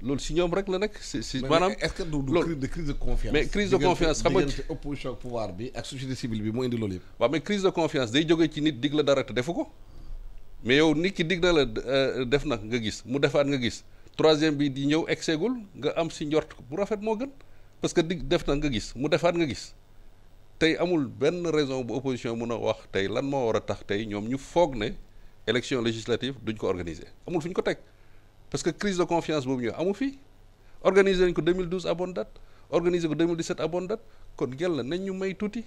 loolu si ñoom rek la nekk si si maanaam. est-ce que du du de crise de confiance. mais crise de confiance xam nga opposition pouvoir bi ak société civile bi moo indi loolu yëpp. waaw mais crise de confiance day jógee ci nit dig la dara te defu ko mais yow nit ki dig na la euh, def na nga gis mu defaat nga gis troisième bi di ñëw egseegul nga am si njort bu rafet moo gën parce que digg def na nga gis mu defaat nga gis tey amul benn raison bu opposition mun a wax tey lan moo war a tax tey ñoom ñu foog ne élection législative duñ ko organiser amul fu ñu ko teg. parce que crise de confiance boobu ñëw amu fi organiser nañ ko 2012 à bonne date organiser ko 2017 à bonne date kon yàlla nañ ñu may tuuti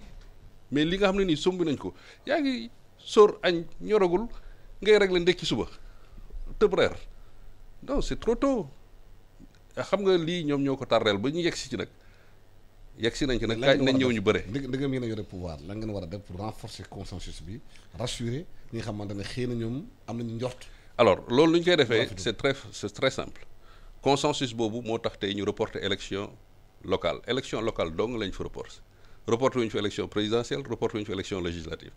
mais li nga xamné ni sombi nañ ko yaa ngi sóor añ ñoragul ngay régler ndek ci suba tëb reer non c'est trop tôt ah, xam nga li ñom ñoko tarrel tàrreel ba ñu yegg ci nak yexi nañ ci nak nañ ñëw ñu bëre dëgg ngeen a yore pouvoir la ngeen wara def pour renforcer consensus bi rassurer ñi xam xamante ne xéena ñom ñoom am nañu njort alors ce que nous koy c'est très simple. Le simple consensus est moo tax tey ñu reporter élection locale élection locale Donc lañ fa Reporte reporter wuñu élection présidentielle reporter une élection législative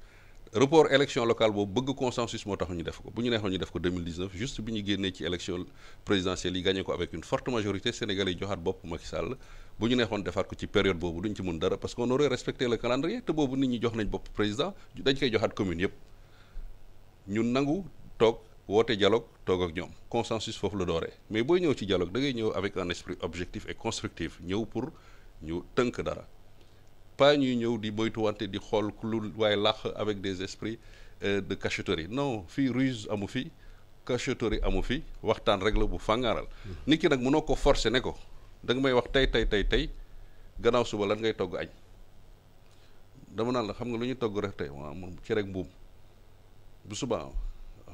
report élection locale boobu bëgg consensus mo tax ñu def ko bu ñu neexoon ñu def ko 2019 juste bi ñu génnee ci élection présidentielle yi gagné ko avec une forte majorité sénégalais yi joxaat bopp Macky Sall bu ñu neexoon defaat ko ci période boobu duñ ci mun dara parce qu'on aurait respecté le calendrier te boobu nit ñi jox nañ bopp président dañ koy joxaat commune yëpp ñun nangu toog woote dialogue toog ak ñoom consensus foofu la dooree mais booy ñëw ci dialogue dangay ñëw avec un esprit objectif et constructif ñëw pour ñu tënk dara paa ñuy ñëw di boytu wante di xool ku lu waaye làq avec des esprits euh, de cachotterie non fii ruse amu fi cachotterie amu fi waxtaan rek la bu fàngaaral hmm. nit ki nag mënoo ko forcer ne ko da nga may wax tey tey tey tey gannaaw suba lan ngay togg añ dama naan la xam nga lu ñuy togg rek tey waaw moom ci rek mbuum bu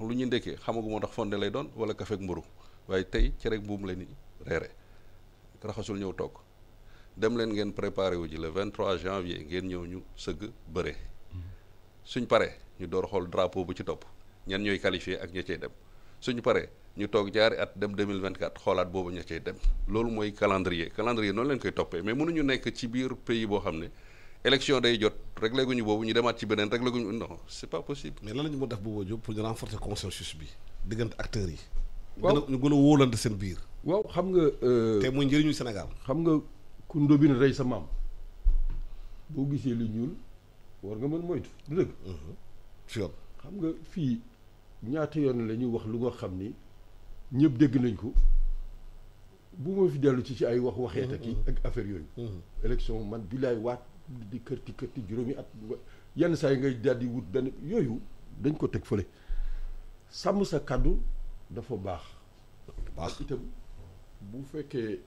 lu ñu ndekkee xamaguma ndax fonde lay doon wala kafeeg mburu waaye tey cere ak buum ni reere raxasul ñëw togg dem leen ngeen préparé wu ji le 23 janvier ngeen ñëw ñu sëgg bëre suñ paree ñu door xool drapeau bu ci topp ñan ñooy qualifié ak ña cay dem suñu paree ñu toog jaari at dem 2024 xoolaat boobu ña cay dem loolu mooy calendrier calendrier noonu leen koy toppee mais mënuñu nekk ci biir pays boo xam ne élection day jot réglé guñu boobu ñu demaat ci beneen réglé guñu non c'est pas possible. mais lan la ñu mën a def Bouba Diop pour ñu renforcer consensus bi diggante acteurs yi. waaw ñu gën a wóolante seen biir. waaw xam nga. Euh, te muy njëriñu senegal xam nga ku ndóbin rey sa maam boo gisee lu ñuul war nga mën moytu du dëgg. Mhm. xam nga fii ñaata yoon la ñuy wax lu nga xam ni ñëpp dégg nañ ko. bu ma fi dellu ci ci ay wax waxeet ak mhm, mhm. affaire yooyu élection man bi laay di kërti kërti juróomi at yenn saa yi ngay daldi wut benn yooyu dañ ko teg fële sàmm sa kàddu dafa baax baax itam bu fekkee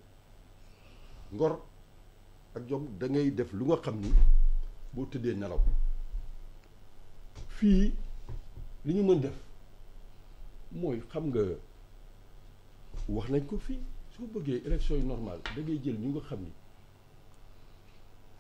ngor ak jom da ngay def lu nga xam ni boo tëddee nelaw fii li ñu mën def mooy xam nga wax nañ ko fii soo bëggee élection yu normal da ngay jël ñu nga xam ni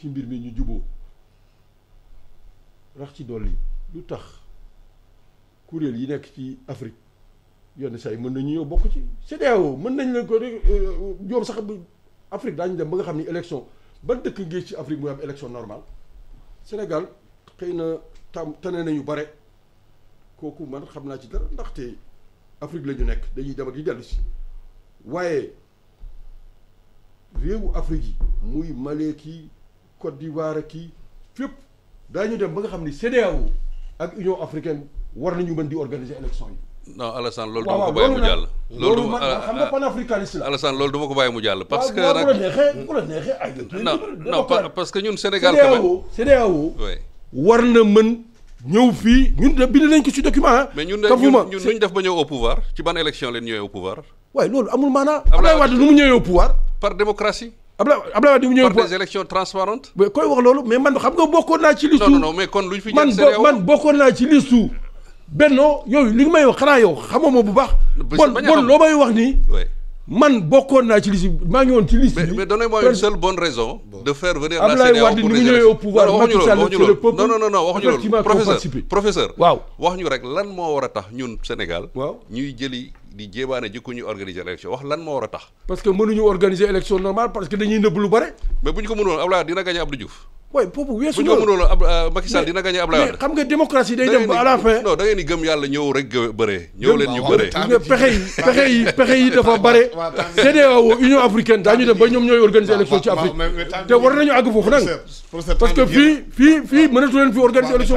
ci mbir mi ñu juboo rax ci dolli lu tax kuréel yi nekk ci Afrique yenn saa yi mën nañu ñëw bokk ci CEDEAO mën nañ leen ko rek euh, sax Afrique daañu dem ba nga xam ni élection ba dëkk ngi ci Afrique muy am élection normale Sénégal xëy na tam tane nañu bare kooku man xam naa ci dara ndaxte Afrique la ñu nekk dañuy dem ak di si waaye réewu Afrique yi muy Mali kii Côte d'Ivoire ak kii fépp daañu dem ba nga xam ni CEDEAO ak Union africaine war nañu mën di organiser élection yi. non Alassane loolu. waaw waaw loolu nag loolu man xam nga ah, ah, panafricaniste la. Alassane loolu du ma ko bàyyi mu jàll. parce que nag bu la neexee bu la neexee ay. non non parce que ñun Sénégal. CEDEAO CEDEAO. oui war na mën. ñëw fii ñun de bind nañ ko ci document ah. mais ñun de ñun ñun def ba ñëw au pouvoir ci ban élection leen ñëwee au pouvoir. waaye loolu amul maanaa. Abdoulaye Wade nu mu ñëwee au pouvoir. par démocratie. Abdoulaye Abdoulaye Wade mu pour par des élections transparentes. mais koy wax loolu mais man xam nga bokkoon naa ci listu. non non mais kon luñ fi man man bokkoon naa ci listu. Benno yooyu li nga may wax xanaa yow xamoo bu baax. bon bon loo may wax nii. man bokkoon naa ci liste ma ngi woon ci liste mais mais donnez-moi une seule bonne raison. de faire venir la CEDEAO pour des élections Abdoulaye Wade ni au pouvoir Macky Sall non non non waxuñu loolu professeur professeur. waaw wax ñu rek lan moo war a tax ñun Sénégal. waaw ñuy jëli. di jéebaane jikko ñu organiser élection wax a tax. parce que dañuy nëbb lu bare. mais bu ñu ko mënoon Abdoulaye dina gagné Abdou Diouf. waaye boobu weesu loolu bu ñu ko ab Macky xam nga démocratie day dem ba fin. non da ngeen gëm yàlla ñëw rek bëree. ñëw leen ñu bëree pexe yi pexe yi pexe yi dafa bare. CEDEAO Union africaine daañu dem ba ñoom ñooy organiser élection ci Afrique te war nañu àgg foofu nag. parce que fii fii fii mënatu fi organiser élection